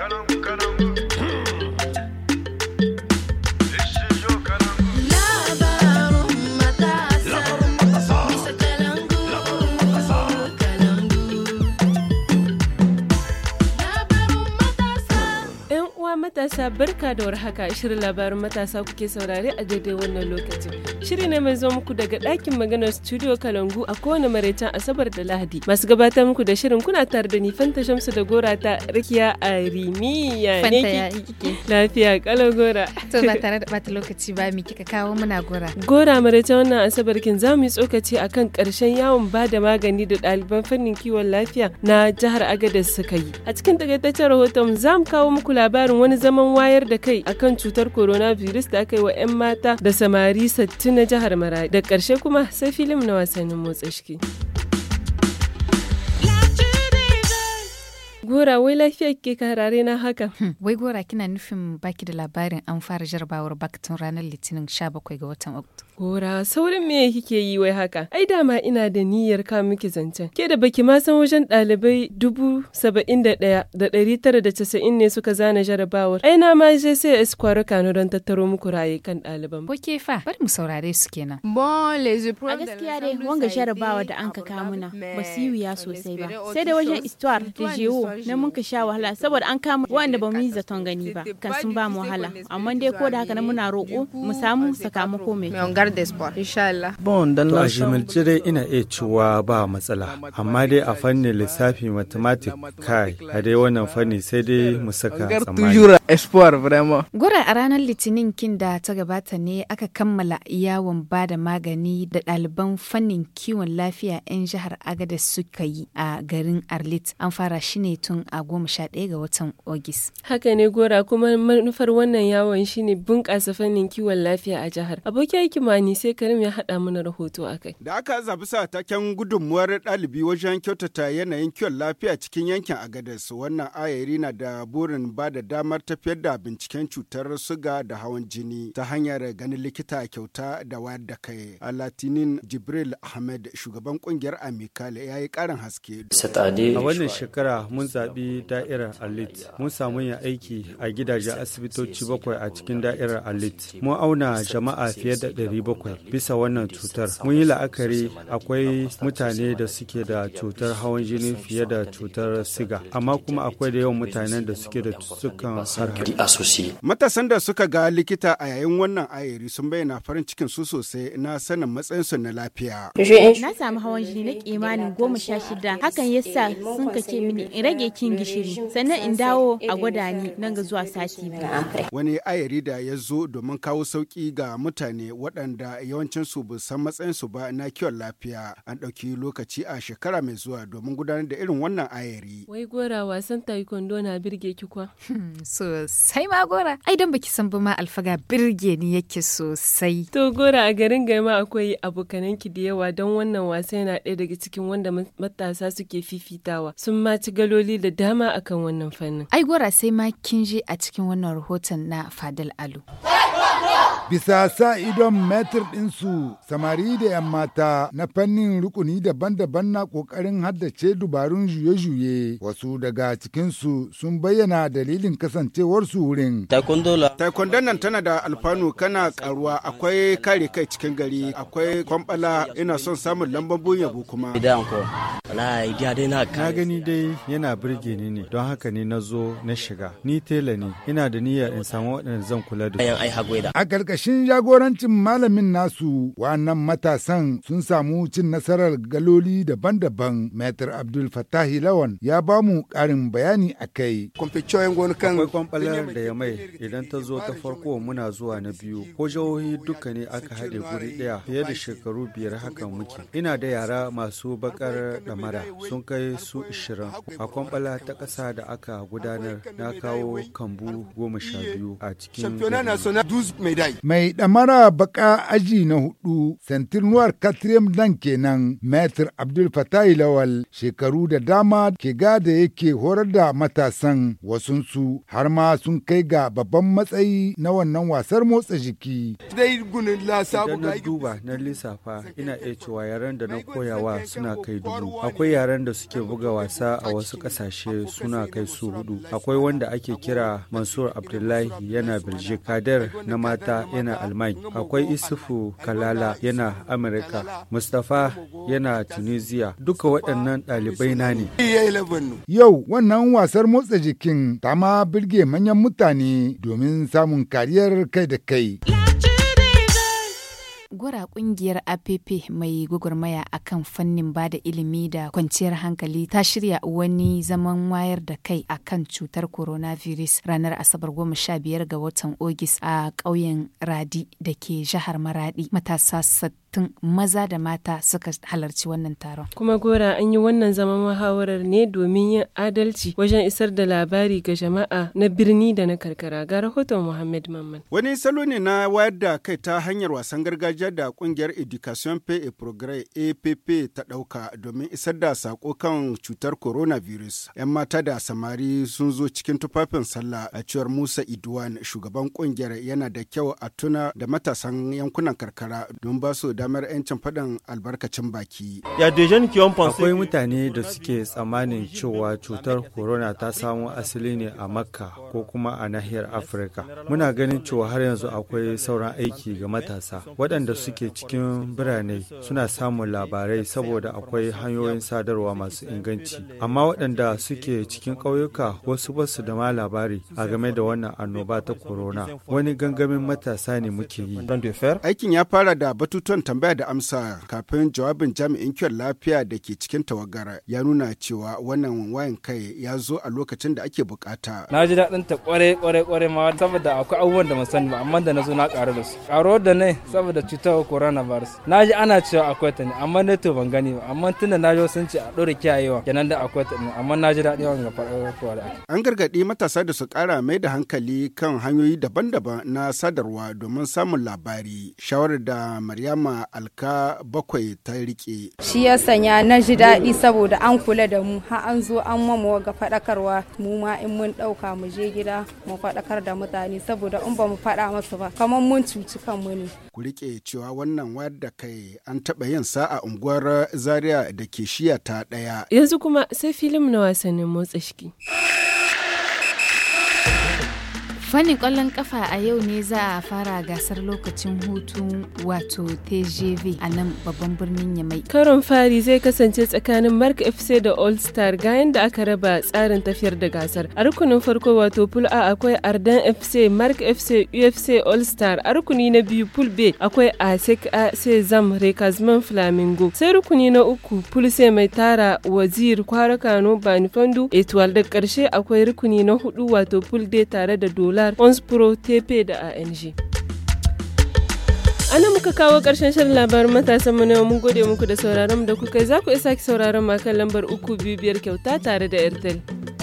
Caramba, caramba. matasa barka da warhaka shirin labarin matasa kuke saurare a daidai wannan lokacin. Shiri ne mai zo muku daga ɗakin maganar studio Kalangu a kowane maraicen Asabar da Lahadi. Masu gabatar muku da shirin kuna tare da ni Fanta Shamsu da Gora ta Rikiya a ya ne Lafiya kala Gora. To ba tare da bata lokaci ba mi kika kawo muna Gora. Gora maraicen wannan Asabar kin za mu yi tsokaci akan ƙarshen yawon ba da magani da ɗaliban fannin kiwon lafiya na jihar Agadez suka yi. A cikin takaitaccen rahoton za mu kawo muku labarin wani zaman wayar da kai akan cutar coronavirus da aka yi wa 'yan mata da samari 60 na jihar Maradi. Da ƙarshe kuma sai filim na wasannin motsa shiki. Gora wai lafiya ke karare na haka. Hmm, wai gora kina nufin baki da labarin an fara jarabawar bakatun ranar Litinin 17 ga watan Oktoba. Gora, saurin me kike yi wai haka? Ai dama ina da niyyar ka miki zancen. Ke da baki ma san wajen ɗalibai dubu saba'in da ɗaya da ɗari tara da casa'in ne suka zana jarabawar. Ai na ma zai sai eskwaro kano don tattaro muku raye kan ɗaliban. Ko ke fa, bari mu saurare su kenan. Bon, les A gaskiya dai wanga jarabawa da an ka muna ba su yi sosai ba. Sai da wajen histoire da jewo na mun ka sha wahala saboda an kama wanda ba mu yi zaton gani ba. Kan sun ba mu wahala. Amma dai ko da haka na muna roƙo mu samu sakamako mai. d'espoir inshallah bon dan ina iya cewa ba matsala amma dai a fannin lissafi mathematics kai a dai wannan fanni sai dai mu saka tsammani gura a ranar litinin kin da ta gabata ne aka kammala yawon bada magani da ɗaliban fannin kiwon lafiya 'yan jihar agada suka yi a garin arlit an fara shi ne tun a goma sha ɗaya ga watan ogis haka ne gora kuma manufar wannan yawon shine bunƙasa fannin kiwon lafiya a jihar abokin aiki ma Sani sai Karim ya haɗa mana rahoto a kai. Da aka zaɓi sa taken gudunmuwar ɗalibi wajen kyautata yanayin kiwon lafiya cikin yankin Agadez wannan ayari na da burin ba da damar tafiyar da binciken cutar suga da hawan jini ta hanyar ganin likita kyauta da wayar da kai. A Latinin Jibril Ahmed shugaban kungiyar Amikal ya yi ƙarin haske. A wannan shekara mun zaɓi da'irar Alit. Mun samu yin aiki a gidajen asibitoci bakwai a cikin da'irar Alit. Mun auna jama'a fiye da ɗari 700 bisa wannan cutar. Mun yi la'akari akwai mutane da suke da cutar hawan jini fiye da cutar siga, amma kuma akwai da yawan mutanen da suke da cutar harhari. Matasan da suka ga likita a yayin wannan ayari sun bayyana farin cikin su sosai na sanin matsayin su na lafiya. Na samu hawan jini na kimanin goma sha shida, hakan yasa sun kace mini in rage kin gishiri, sannan in dawo a gwada ni nan ga zuwa sati biyu. Wani ayari da ya zo domin kawo sauki ga mutane waɗanda waɗanda su ba san matsayin su ba na kiwon lafiya an ɗauki lokaci a shekara mai zuwa domin gudanar da irin wannan ayari. Wai gora wasan taekwondo na birge ki kwa. Hmm, sosai ma gora. Ai don baki san ba ma alfaga birge ni yake sosai. To gora a garin gaima akwai abokananki da yawa don wannan wasa yana ɗaya daga cikin wanda matasa suke fifitawa. Sun ma ci galoli da dama akan wannan fannin. Ai gora sai ma kin je a cikin wannan rahoton na Fadal Alu. bisa sa idon metir ɗinsu samari da 'yan mata na fannin rukuni daban-daban na kokarin haddace dubarun juye-juye wasu daga cikinsu sun bayyana dalilin kasancewarsu wurin. taekwondo nan tana da alfanu kana karuwa akwai kare kai cikin gari akwai kwambala ina son samun lambobin yabo kuma. na gani dai yana birge ni ne don haka ne na zo na shiga ni tela ne ina da niyyar in samu waɗanda zan kula da su. ƙarƙashin jagorancin malamin nasu wannan matasan sun samu cin nasarar galoli daban-daban Maitar Abdul Fattahi Lawan ya ba mu ƙarin bayani a kai. Akwai kwamfalar da ya mai idan ta zo ta farko muna zuwa na biyu ko jihohi duka ne aka haɗe guri ɗaya fiye da shekaru biyar haka muke. Ina da yara masu baƙar ɗamara sun kai su ishirin a kwamfala ta ƙasa da aka gudanar na kawo kambu goma sha biyu a cikin. Championnat mai ɗamara baka aji na hudu santirnuwar katrim dan kenan metr abdul fatahi lawal shekaru da dama ke gada yake horar da matasan wasunsu har ma sun kai ga babban matsayi na wannan wasar motsa jiki idan na duba na lissafa ina iya cewa yaren da na koyawa suna kai dubu akwai yaren da suke buga wasa a wasu ƙasashe suna kai su hudu akwai wanda ake kira mansur abdullahi yana biljikadar na mata yana almai akwai Isufu Kalala yana Amurka, Mustapha yana Tunisia, duka waɗannan ɗalibai na ne. Yau wannan wasar motsa jikin ta ma birge manyan mutane domin samun kariyar kai da kai. Gwara kungiyar APP mai gwagwarmaya akan fannin ba da ilimi da kwanciyar hankali ta shirya wani zaman wayar da kai a kan cutar coronavirus ranar Asabar goma sha biyar ga watan Ogis a ƙauyen Radi da ke jihar Maradi. Matasa tun maza da mata suka halarci wannan taron. Kuma gora an yi wannan zaman muhawarar ne domin yin adalci wajen isar da labari ga jama'a na birni da na karkara ga rahoton Muhammad Mamman. Wani salo ne na wayar da kai ta hanyar wasan gargajiya da kungiyar Education Pay a Progress APP ta dauka domin isar da sako kan cutar coronavirus. 'Yan mata da samari sun zo cikin tufafin sallah a cewar Musa Idwan shugaban kungiyar yana da kyau a tuna da matasan yankunan karkara don ba su damar 'yancin faɗin albarkacin baki. Akwai mutane da suke tsammanin cewa cutar corona ta samo asali ne a Makka ko kuma a nahiyar Afirka. Muna ganin cewa har yanzu akwai sauran aiki ga matasa waɗanda suke cikin birane suna samun labarai saboda akwai hanyoyin sadarwa masu inganci. Amma waɗanda suke cikin ƙauyuka wasu basu da ma labari a game da wannan annoba ta corona. Wani gangamin matasa ne muke yi. Aikin ya fara da batutuwan tambaya da amsa kafin jawabin jami'in kiwon lafiya da ke cikin tawagar ya nuna cewa wannan wayan kai ya zo a lokacin da ake bukata. Na ji daɗin ta kware kware kware ma saboda akwai abubuwan da sani ba amma da na zo na ƙaru da su. Ƙaro da ne saboda cutar virus. Na ji ana cewa akwai ta ne amma ne to ban gani ba amma tunda na ji sun ce a ɗora kiyayewa kenan da akwai ta ne amma na ji daɗin yawan ga faɗaɗa da An gargaɗi matasa da su ƙara mai da hankali kan hanyoyi daban-daban na sadarwa domin samun labari. Shawarar da Maryama a alka bakwai ta rike. Shi ya sanya na ji daɗi saboda an kula da mu har an zo an mamu ga faɗakarwa mu ma in mun ɗauka mu je gida mu faɗakar da mutane saboda in ba mu faɗa masu ba kamar mun cuci kanmu ne. Ku rike cewa wannan wayar da kai an taɓa yin sa a unguwar Zaria da ke shiya ta ɗaya. Yanzu kuma sai filim na wasannin motsa shiki. fannin kwallon kafa a yau ne za a fara gasar lokacin hutu wato tgv a nan babban birnin yamai karon fari zai kasance tsakanin mark fc da all star ga yadda aka raba tsarin tafiyar da gasar a rukunin farko wato pool a akwai ardan fc mark fc ufc all star a rukuni na biyu pool b akwai asec a zam rekazman flamingo sai rukuni na uku pool c mai tara wazir kwara kano banifandu etoile da karshe akwai rukuni na hudu wato pool d tare da dola Solar, Ons Tepe da ANG. ana muka kawo ƙarshen shirin labarin matasan mu na mun gode muku da sauraron da kuka yi za ku isa ki sauraron kan lambar uku biyu biyar kyauta tare da Airtel.